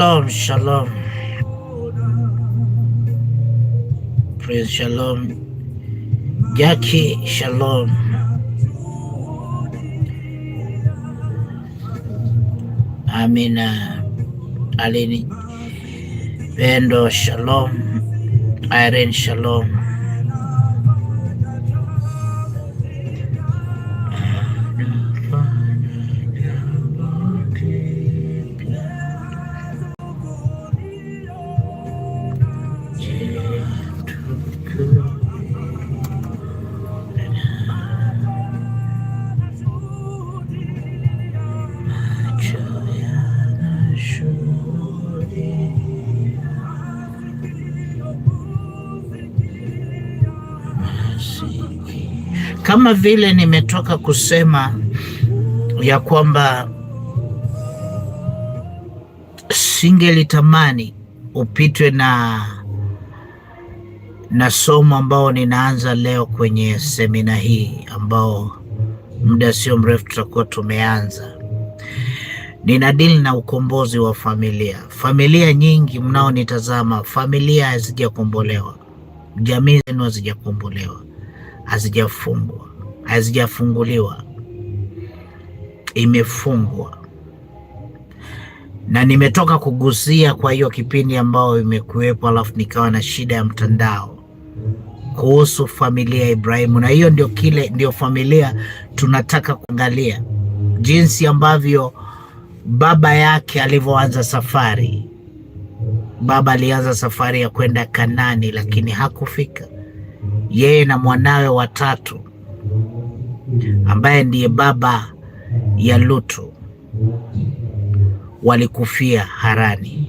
Shalom, shalom. Praise shalom. Yaki shalom. Amina. Uh, Alini. Pendo shalom. Irene shalom. Kama vile nimetoka kusema ya kwamba singelitamani upitwe na na somo ambao ninaanza leo kwenye semina hii, ambao muda sio mrefu tutakuwa tumeanza. nina dili na ukombozi wa familia. Familia nyingi mnaonitazama, familia hazijakombolewa, jamii zenu hazijakombolewa, hazijafungwa hazijafunguliwa, imefungwa na nimetoka kugusia. Kwa hiyo kipindi ambayo imekuwepo, alafu nikawa na shida ya mtandao kuhusu familia ya Ibrahimu, na hiyo ndio kile ndio familia tunataka kuangalia, jinsi ambavyo baba yake alivyoanza safari. Baba alianza safari ya kwenda Kanani, lakini hakufika, yeye na mwanawe watatu ambaye ndiye baba ya Lutu walikufia Harani.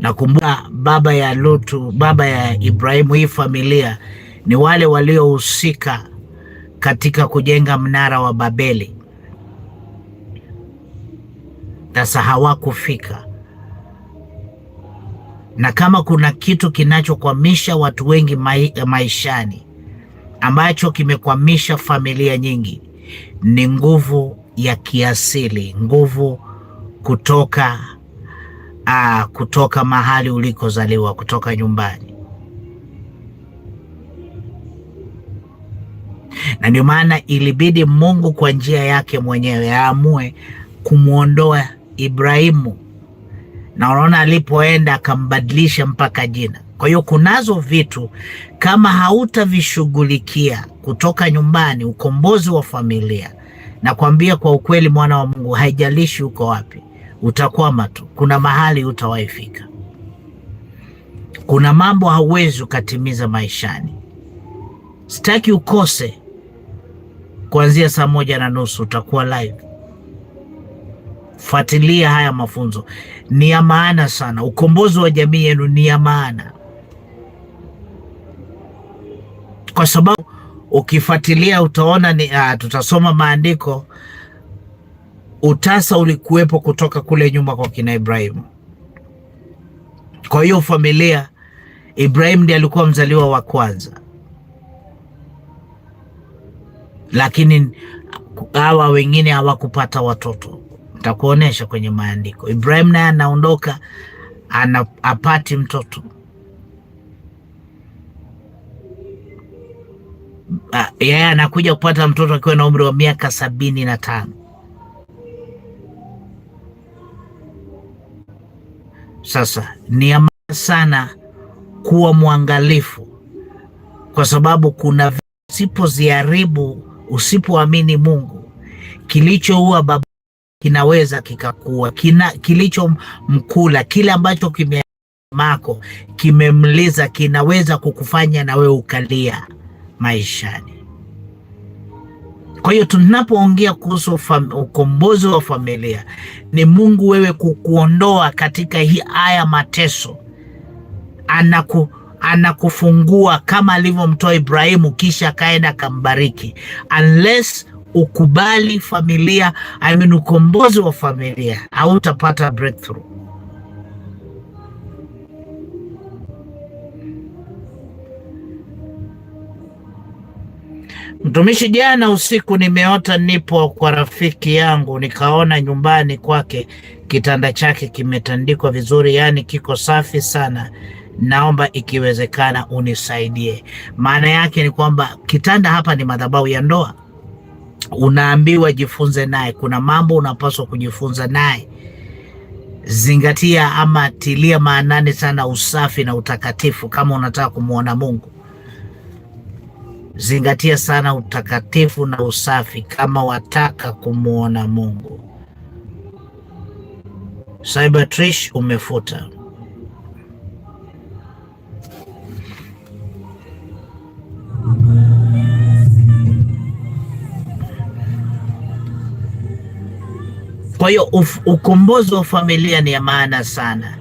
Nakumbuka baba ya Lutu, baba ya Ibrahimu. Hii familia ni wale waliohusika katika kujenga mnara wa Babeli. Sasa hawakufika na kama kuna kitu kinachokwamisha watu wengi maishani ambacho kimekwamisha familia nyingi ni nguvu ya kiasili, nguvu kutoka aa, kutoka mahali ulikozaliwa, kutoka nyumbani. Na ndio maana ilibidi Mungu kwa njia yake mwenyewe aamue kumwondoa Ibrahimu na unaona alipoenda akambadilisha mpaka jina. Kwa hiyo kunazo vitu kama hautavishughulikia kutoka nyumbani, ukombozi wa familia, na kuambia kwa ukweli, mwana wa Mungu, haijalishi uko wapi, utakwama tu. Kuna mahali utawaifika, kuna mambo hauwezi ukatimiza maishani. Sitaki ukose. Kuanzia saa moja na nusu utakuwa live. Fuatilia haya mafunzo, ni ya maana sana. Ukombozi wa jamii yenu ni ya maana, kwa sababu ukifuatilia utaona ni, uh, tutasoma maandiko. Utasa ulikuwepo kutoka kule nyuma kwa kina Ibrahimu. Kwa hiyo familia, Ibrahimu ndiye alikuwa mzaliwa wa kwanza, lakini hawa wengine hawakupata watoto Nitakuonesha kwenye maandiko. Ibrahim naye anaondoka, apati mtoto ah, yeye, yeah, anakuja kupata mtoto akiwa na umri wa miaka sabini na tano. Sasa ni sana kuwa mwangalifu, kwa sababu kuna visipo usipoamini Mungu kilichoua baba kinaweza kikakua kina, kilichomkula kile ambacho kime mako kimemliza kinaweza kukufanya na wewe ukalia maishani. Kwa hiyo tunapoongea kuhusu ukombozi wa familia ni Mungu wewe kukuondoa katika hii haya mateso, anaku anakufungua kama alivyomtoa Ibrahimu, kisha akaenda akambariki unless ukubali familia, I mean ukombozi wa familia, utapata breakthrough. Mtumishi, jana usiku nimeota nipo kwa rafiki yangu, nikaona nyumbani kwake kitanda chake kimetandikwa vizuri, yaani kiko safi sana. Naomba ikiwezekana unisaidie. Maana yake ni kwamba kitanda hapa ni madhabahu ya ndoa unaambiwa jifunze naye. Kuna mambo unapaswa kujifunza naye. Zingatia ama tilia maanani sana usafi na utakatifu kama unataka kumwona Mungu. Zingatia sana utakatifu na usafi kama wataka kumwona Mungu. Cybertrish umefuta. Kwa hiyo ukombozi wa familia ni ya maana sana.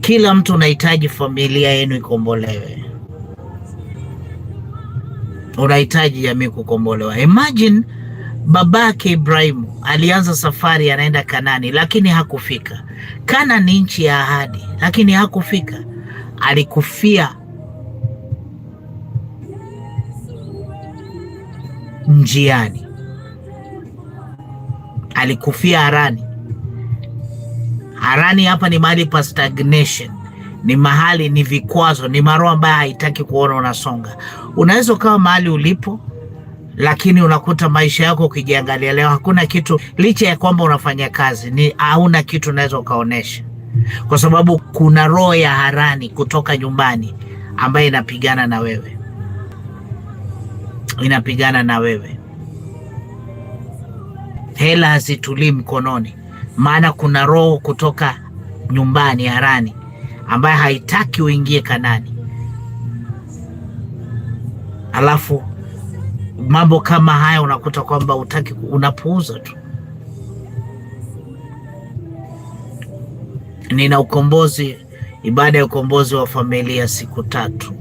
Kila mtu unahitaji familia yenu ikombolewe, unahitaji jamii kukombolewa. Imagine babake Ibrahimu alianza safari, anaenda Kanani lakini hakufika. kana ni nchi ya ahadi, lakini hakufika, alikufia njiani alikufia Harani. Harani hapa ni mahali pa stagnation, ni mahali ni vikwazo, ni maro ambayo haitaki kuona unasonga. Unaweza ukawa mahali ulipo, lakini unakuta maisha yako ukijiangalia leo hakuna kitu, licha ya kwamba unafanya kazi, ni hauna kitu unaweza ukaonesha, kwa sababu kuna roho ya Harani kutoka nyumbani ambayo inapigana na wewe, inapigana na wewe hela hazitulii mkononi, maana kuna roho kutoka nyumbani Harani ambaye haitaki uingie Kanani. Alafu mambo kama haya unakuta kwamba utaki, unapuuza tu. Nina ukombozi, ibada ya ukombozi wa familia siku tatu,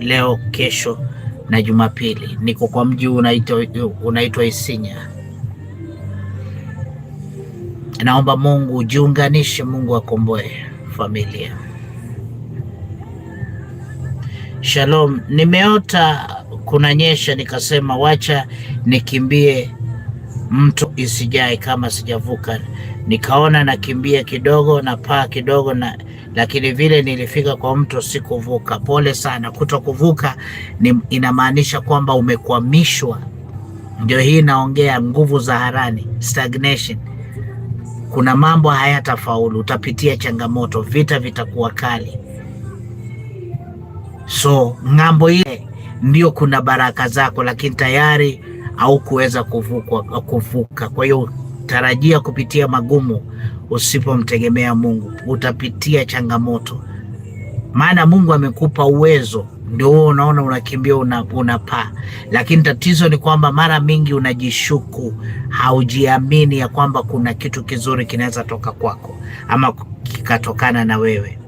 leo, kesho na Jumapili. Niko kwa mji unaitwa Isinya. Naomba Mungu ujiunganishe, Mungu akomboe familia. Shalom, nimeota kuna nyesha nikasema wacha nikimbie mto isijae kama sijavuka. Nikaona nakimbia kidogo na paa kidogo na, lakini vile nilifika kwa mto sikuvuka. Pole sana, kuto kuvuka inamaanisha kwamba umekwamishwa. Ndio hii naongea nguvu za harani, stagnation kuna mambo hayatafaulu, utapitia changamoto, vita vitakuwa kali. So ng'ambo ile ndio kuna baraka zako, lakini tayari au kuweza kuvuka. Kwa hiyo tarajia kupitia magumu usipomtegemea Mungu, utapitia changamoto, maana Mungu amekupa uwezo ndio huo unaona unakimbia unapaa una, lakini tatizo ni kwamba mara mingi unajishuku, haujiamini ya kwamba kuna kitu kizuri kinaweza toka kwako ama kikatokana na wewe.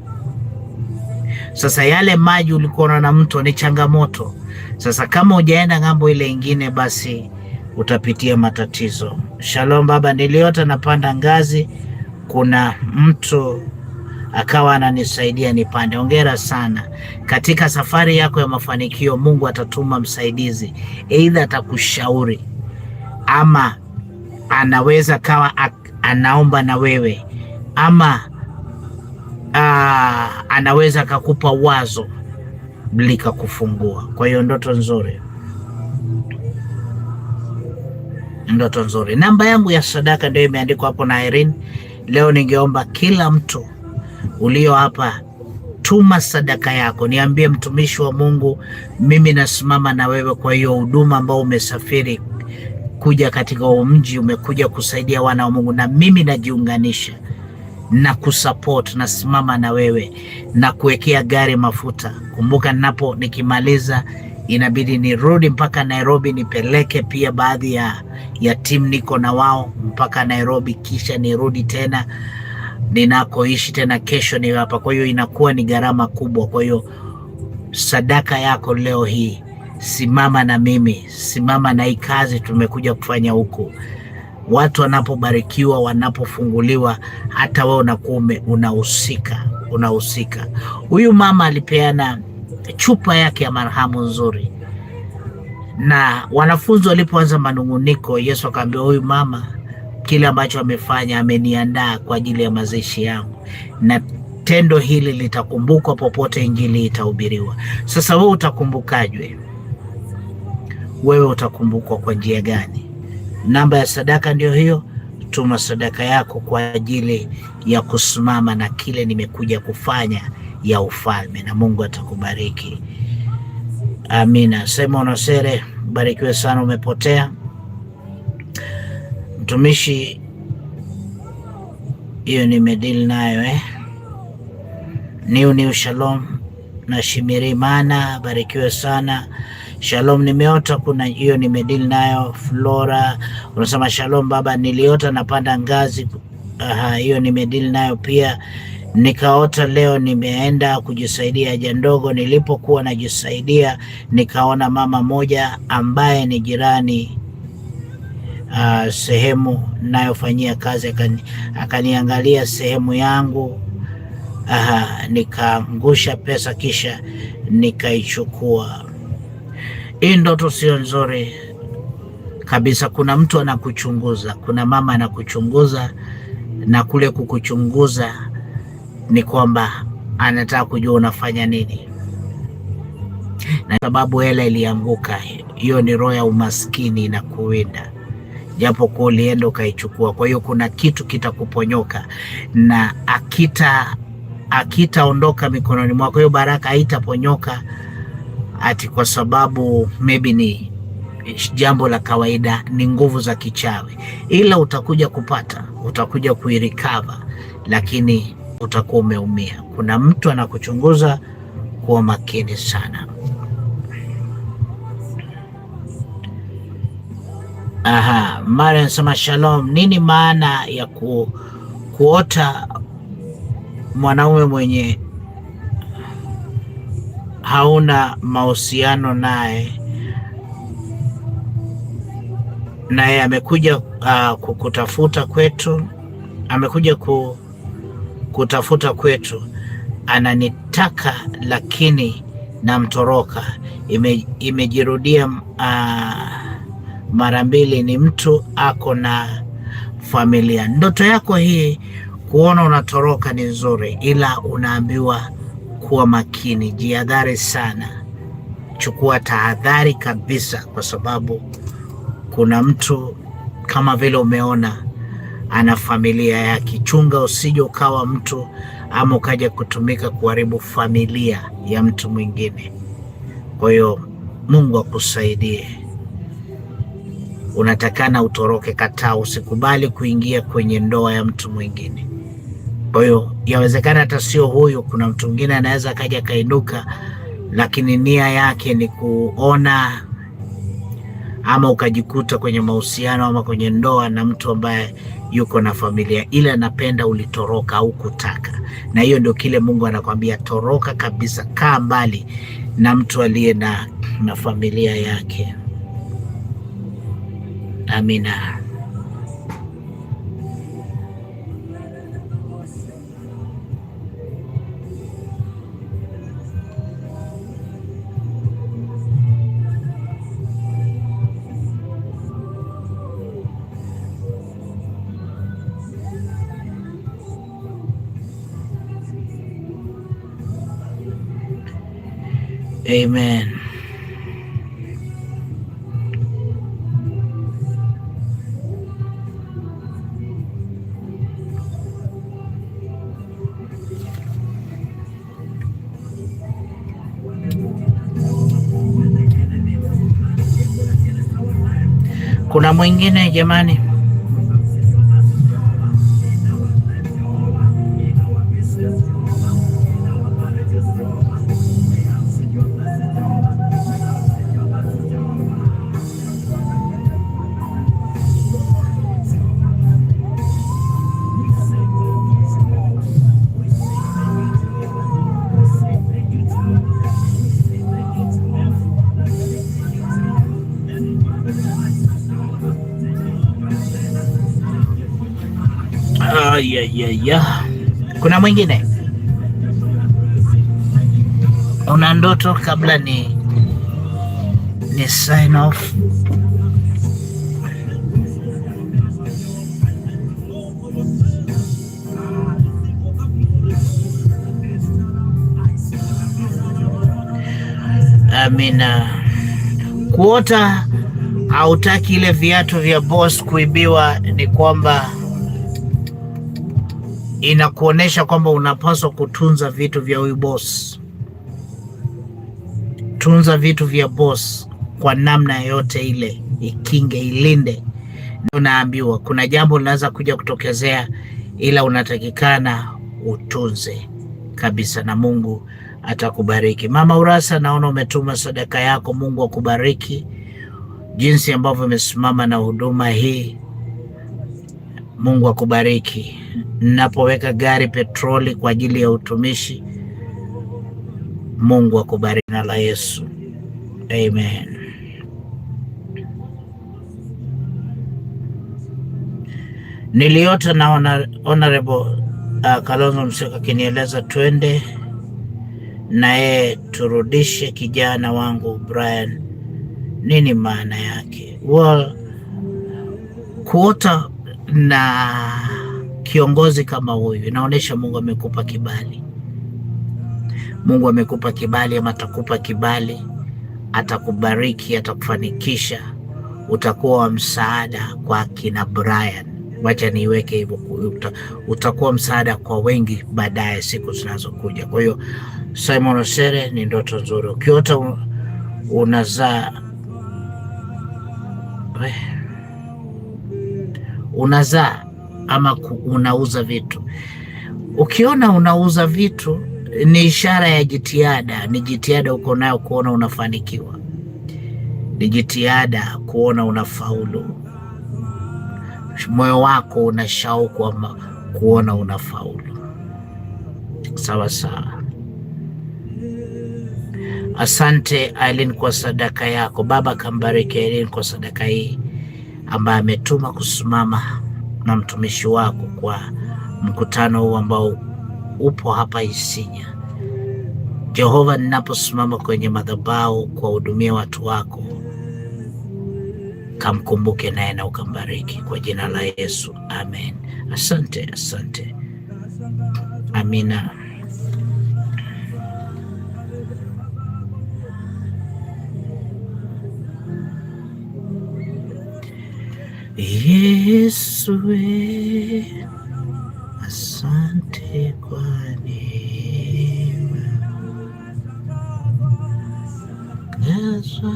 Sasa yale maji ulikuona na mto ni changamoto. Sasa kama hujaenda ng'ambo ile ingine, basi utapitia matatizo. Shalom baba, niliota napanda ngazi, kuna mtu akawa ananisaidia nipande. Hongera sana katika safari yako ya mafanikio. Mungu atatuma msaidizi, aidha atakushauri ama anaweza kawa anaomba na wewe ama aa, anaweza akakupa wazo likakufungua. Kwa hiyo ndoto nzuri, ndoto nzuri. Namba yangu ya sadaka ndio imeandikwa hapo na Irene. Leo ningeomba kila mtu ulio hapa, tuma sadaka yako, niambie mtumishi wa Mungu, mimi nasimama na wewe. Kwa hiyo huduma ambao umesafiri kuja katika mji, umekuja kusaidia wana wa Mungu, na mimi najiunganisha na kusupport, nasimama na wewe na kuwekea gari mafuta. Kumbuka, napo nikimaliza inabidi nirudi mpaka Nairobi nipeleke pia baadhi ya, ya timu niko na wao mpaka Nairobi, kisha nirudi tena ninakoishi tena kesho ni hapa. Kwa hiyo inakuwa ni gharama kubwa. Kwa hiyo sadaka yako leo hii, simama na mimi, simama na hii kazi tumekuja kufanya huku. Watu wanapobarikiwa, wanapofunguliwa, hata wewe unakuwa unahusika, unahusika. Huyu mama alipeana chupa yake ya marhamu nzuri, na wanafunzi walipoanza manung'uniko, Yesu akaambia huyu mama kile ambacho amefanya, ameniandaa kwa ajili ya mazishi yangu, na tendo hili litakumbukwa popote injili itahubiriwa. Sasa wewe utakumbukajwe? Wewe utakumbukwa kwa njia gani? Namba ya sadaka ndio hiyo. Tuma sadaka yako kwa ajili ya kusimama na kile nimekuja kufanya ya ufalme, na Mungu atakubariki. Amina. Sema unasere barikiwe sana. Umepotea mtumishi, hiyo nimedili nayo eh. Niu niu, shalom na mana barikiwe sana. Shalom, nimeota kuna hiyo, nimedili nayo. Flora unasema shalom baba, niliota napanda ngazi. Aha, hiyo nimedili nayo pia. Nikaota leo nimeenda kujisaidia haja ndogo. Nilipokuwa najisaidia, nikaona mama moja ambaye ni jirani uh, sehemu ninayofanyia kazi akani, akaniangalia sehemu yangu uh, nikaangusha pesa kisha nikaichukua. Hii ndoto sio nzuri kabisa. Kuna mtu anakuchunguza, kuna mama anakuchunguza, na kule kukuchunguza ni kwamba anataka kujua unafanya nini, na sababu hela ilianguka, hiyo ni roho ya umaskini inakuwinda japo kuwa ulienda ukaichukua. Kwa hiyo kuna kitu kitakuponyoka na akita akitaondoka mikononi mwako, hiyo baraka haitaponyoka ati kwa sababu maybe ni jambo la kawaida, ni nguvu za kichawi, ila utakuja kupata, utakuja kuirikava, lakini utakuwa umeumia. Kuna mtu anakuchunguza, kuwa makini sana. Aha, Maria anasema shalom, nini maana ya ku, kuota mwanaume mwenye hauna mahusiano naye naye amekuja uh, ah, kukutafuta kwetu, amekuja ku, kutafuta kwetu, ananitaka lakini namtoroka. Ime, imejirudia uh, mara mbili ni mtu ako na familia. Ndoto yako hii kuona unatoroka ni nzuri, ila unaambiwa kuwa makini, jihadhari sana, chukua tahadhari kabisa, kwa sababu kuna mtu kama vile umeona ana familia yake. Chunga usije ukawa mtu ama ukaja kutumika kuharibu familia ya mtu mwingine. Kwa hiyo Mungu akusaidie unatakana utoroke. Kataa, usikubali kuingia kwenye ndoa ya mtu mwingine. Kwa hiyo yawezekana hata sio huyu, kuna mtu mwingine anaweza akaja kainuka, lakini nia yake ni kuona ama ukajikuta kwenye mahusiano ama kwenye ndoa na mtu ambaye yuko na familia, ila anapenda ulitoroka au kutaka. Na hiyo ndio kile Mungu anakwambia, toroka kabisa, kaa mbali na mtu aliye na, na familia yake. Amin na. Amen. Ah. Kuna mwingine jamani? ya. kuna mwingine? Una ndoto kabla ni ni sign off. Amina. Kuota hautaki ile viatu vya boss kuibiwa, ni kwamba inakuonyesha kwamba unapaswa kutunza vitu vya huyu boss. Tunza vitu vya boss kwa namna yote ile, ikinge, ilinde. Unaambiwa kuna jambo linaweza kuja kutokezea, ila unatakikana utunze kabisa, na Mungu atakubariki. Mama Urasa, naona umetuma sadaka yako. Mungu akubariki jinsi ambavyo umesimama na huduma hii Mungu akubariki. Ninapoweka gari petroli kwa ajili ya utumishi, Mungu akubariki na la Yesu. Amen. Niliota na honorable uh, Kalonzo Musyoka akinieleza twende naye turudishe kijana wangu Brian. Nini maana yake? Well, kuota na kiongozi kama huyu, inaonyesha Mungu amekupa kibali. Mungu amekupa kibali, ama atakupa kibali, atakubariki, atakufanikisha, utakuwa wa msaada kwa kina Brian. Wacha niiweke hivyo, utakuwa msaada kwa wengi baadaye, siku zinazokuja. Kwa hiyo Simon Osere, ni ndoto nzuri ukiota unazaa eh, unazaa ama unauza vitu. Ukiona unauza vitu ni ishara ya jitihada, ni jitihada uko nayo kuona unafanikiwa, ni jitihada kuona unafaulu, moyo wako una shauku kuona unafaulu. Sawa sawa. Asante Aileen kwa sadaka yako. Baba kambariki Aileen kwa sadaka hii ambaye ametuma kusimama na mtumishi wako kwa mkutano huu ambao upo hapa Isinya. Jehova, ninaposimama kwenye madhabahu kuwahudumia watu wako, kamkumbuke naye na ukambariki kwa jina la Yesu, amen. Asante, asante. Amina. Yesu asante kwa neema nazwa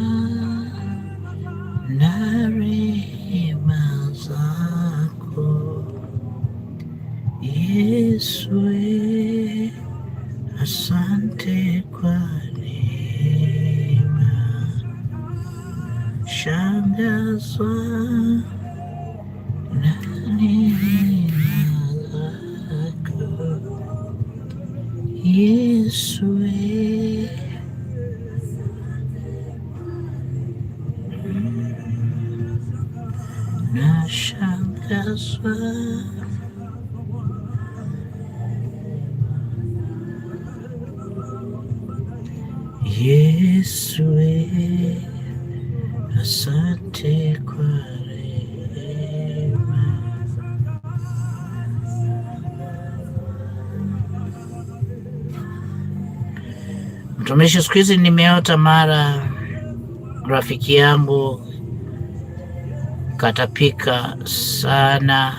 Mtumishi, siku hizi nimeota mara rafiki yangu katapika sana,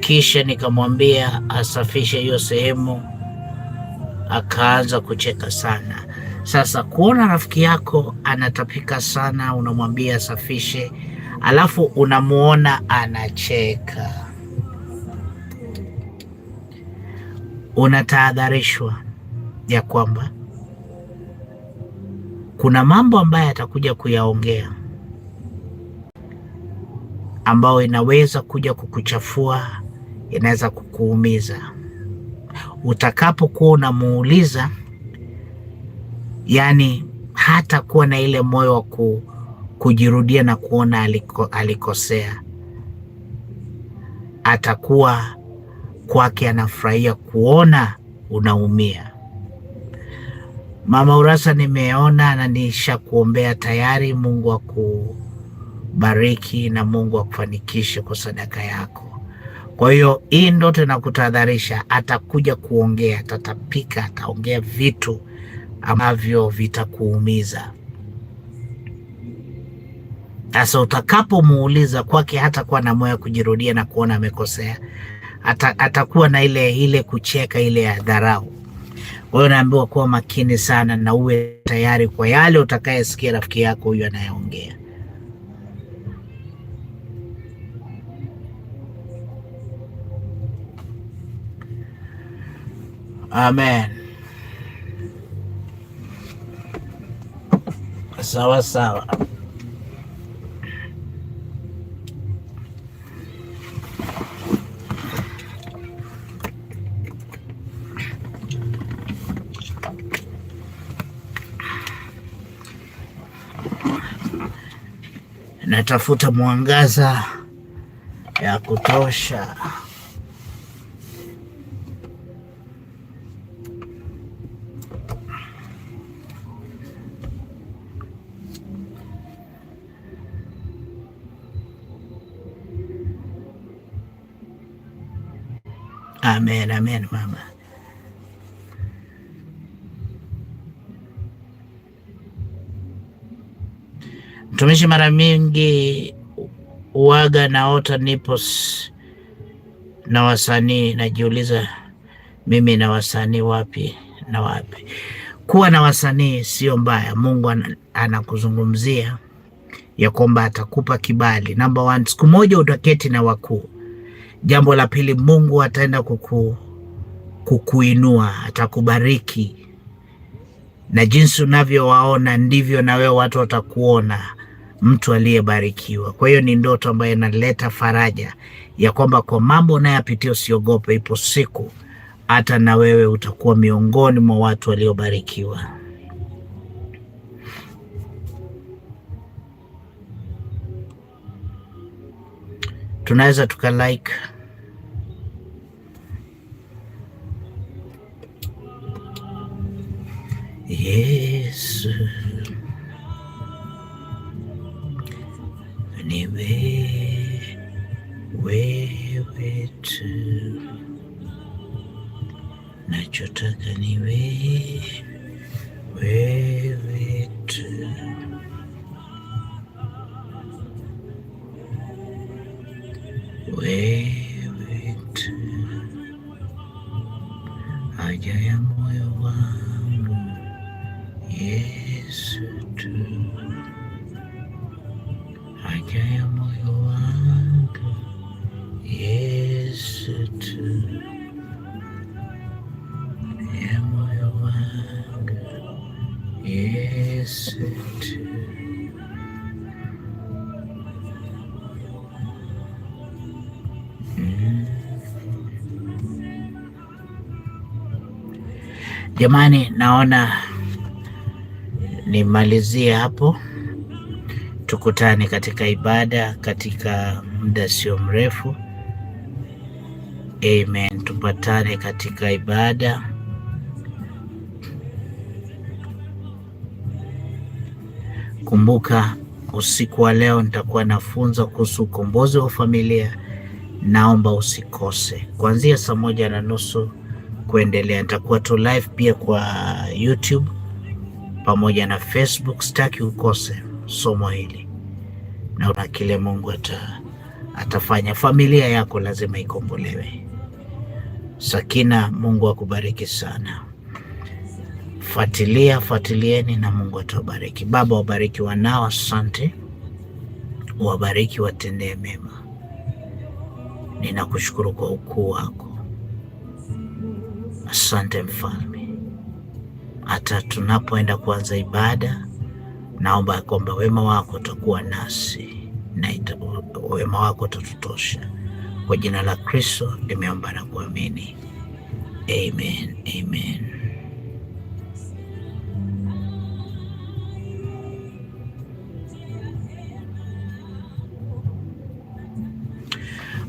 kisha nikamwambia asafishe hiyo sehemu, akaanza kucheka sana. Sasa kuona rafiki yako anatapika sana, unamwambia asafishe, alafu unamwona anacheka, unatahadharishwa ya kwamba kuna mambo ambayo atakuja kuyaongea ambayo inaweza kuja kukuchafua, inaweza kukuumiza. Utakapokuwa unamuuliza, yani hata kuwa na ile moyo wa kujirudia na kuona aliko, alikosea. Atakuwa kwake anafurahia kuona unaumia. Mama Urasa nimeona na nishakuombea tayari. Mungu akubariki na Mungu akufanikishe kwa sadaka yako. Kwa hiyo hii ndoto inakutahadharisha, atakuja kuongea, atatapika, ataongea vitu ambavyo vitakuumiza. Sasa utakapomuuliza kwake, hatakuwa na moyo kujirudia na kuona amekosea, atakuwa na ile ile kucheka, ile ya dharau. Kwa hiyo naambiwa kuwa makini sana na uwe tayari kwa yale utakayesikia rafiki yako huyu anayeongea. Amen. Sawa sawa. Natafuta mwangaza ya kutosha. Amen, amen mama. Mtumishi mara mingi uwaga naota nipos na wasanii, najiuliza mimi na wasanii wapi na wapi. Kuwa na wasanii sio mbaya. Mungu anakuzungumzia ya kwamba atakupa kibali. Number one, siku moja utaketi na wakuu. Jambo la pili, Mungu ataenda kuku, kukuinua, atakubariki na jinsi unavyowaona ndivyo na wewe watu watakuona mtu aliyebarikiwa. Kwa hiyo ni ndoto ambayo inaleta faraja ya kwamba kwa mambo unayopitia usiogope, ipo siku hata na wewe utakuwa miongoni mwa watu waliobarikiwa. Tunaweza tuka like Yesu wewe way, nachotaka ni wewe tu. way tu, haja ya moyo wangu ya moyo wangu Yesu tu, moyo wangu Yesu tu. Hmm. Jamani, naona nimalizie hapo tukutane katika ibada katika muda sio mrefu. Amen, tupatane katika ibada. Kumbuka, usiku wa leo nitakuwa nafunza kuhusu ukombozi wa familia. Naomba usikose kuanzia saa moja na nusu kuendelea. Nitakuwa tu live pia kwa YouTube pamoja na Facebook, sitaki ukose somo hili, naona kile Mungu ata, atafanya. Familia yako lazima ikombolewe. Sakina, Mungu akubariki sana. Fuatilia, fuatilieni na Mungu atawabariki. Baba, wabariki wanao, asante, wabariki, watendee mema. Ninakushukuru kwa ukuu wako, asante Mfalme. Hata tunapoenda kuanza ibada Naomba kwamba wema wako utakuwa nasi na ita, wema wako utatutosha. Kwa jina la Kristo nimeomba na kuamini, amen, amen.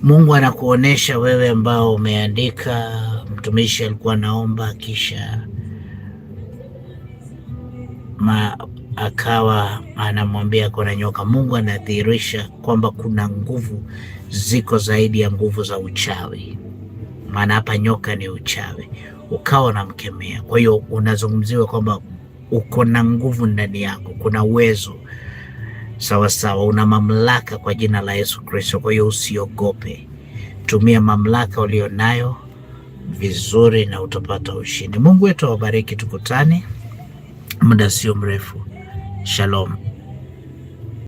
Mungu anakuonesha wewe ambao umeandika, mtumishi alikuwa naomba kisha ma akawa anamwambia kuna nyoka. Mungu anadhihirisha kwamba kuna nguvu ziko zaidi ya nguvu za uchawi, maana hapa nyoka ni uchawi, ukawa unamkemea. Kwa hiyo unazungumziwa kwamba uko na nguvu ndani yako, kuna uwezo sawa sawa, una mamlaka kwa jina la Yesu Kristo. Kwa hiyo usiogope, tumia mamlaka ulionayo vizuri na utapata ushindi. Mungu wetu awabariki, tukutane muda sio mrefu. Shalom.